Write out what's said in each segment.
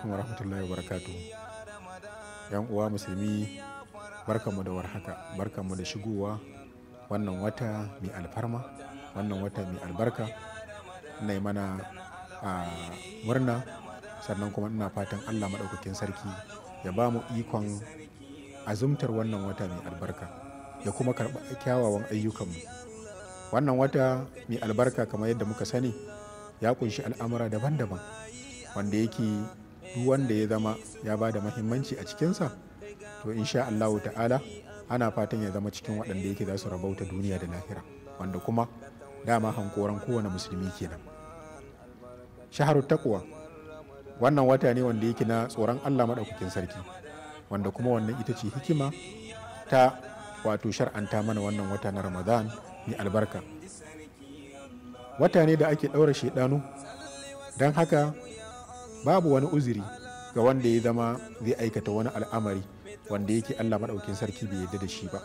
alaikum wa rahmatullahi wa barakatu yan uwa musulmi barkanmu da warhaka barkanmu da shigowa wannan wata mai alfarma wannan wata mai albarka ina yi mana a murna sannan kuma ina fatan allah maɗaukakin sarki ya ba mu ikon azumtar wannan wata mai albarka ya kuma karɓa kyawawan ayyukanmu wannan wata mai albarka kamar yadda muka sani ya kunshi al'amura daban-daban wanda yake duk wanda ya zama ya ba da mahimmanci a cikinsa to insha Allahu ta'ala ana fatan ya zama cikin waɗanda yake za su rabauta duniya da lahira wanda kuma dama hankoran kowane musulmi kenan shaharu takwa wannan wata ne wanda yake na tsoron Allah maɗaukakin sarki wanda kuma wannan ita ce hikima ta wato shar'anta mana wannan wata na ramadan mai albarka wata ne da ake ɗaura shaidanu don haka babu wani uzuri ga wanda ya zama zai aikata wani al'amari wanda yake Allah maɗaukin sarki bai yadda da shi ba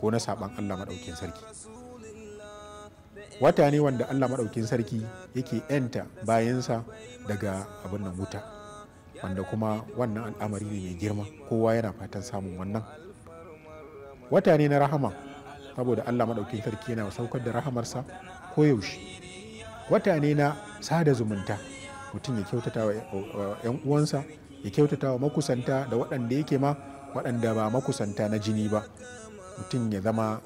ko na saɓan Allah maɗaukin sarki wata ne wanda Allah maɗaukin sarki yake yanta bayansa daga abin nan wuta wanda kuma wannan al'amari ne mai girma kowa yana fatan samun wannan wata ne na rahama saboda Allah maɗaukin sarki yana saukar da rahamarsa koyaushe wata ne na sada zumunta mutum ya kyautata wa 'yan uwansa ya kyautata wa makusanta da waɗanda yake ma waɗanda ba makusanta na jini ba mutum ya zama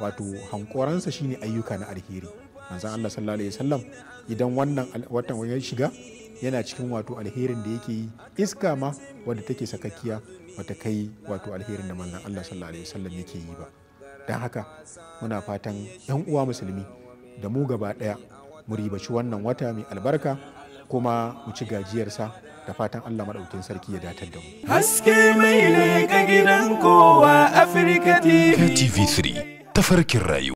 wato hankoransa shine ayyuka na alheri manzon Allah sallallahu alaihi wasallam idan wannan watan ya shiga yana cikin wato alherin da yake yi iska ma wadda take sakakkiya bata kai wato alherin da manzon Allah sallallahu alaihi wasallam yake yi ba don haka muna fatan 'yan uwa musulmi da mu gaba ɗaya mu ribaci wannan wata mai albarka kuma mu ci gajiyarsa da fatan Allah maɗaukin sarki ya datar da mu. Haske mai ne ga gidan kowa Afirka TV. KTV3 tafarkin rayu.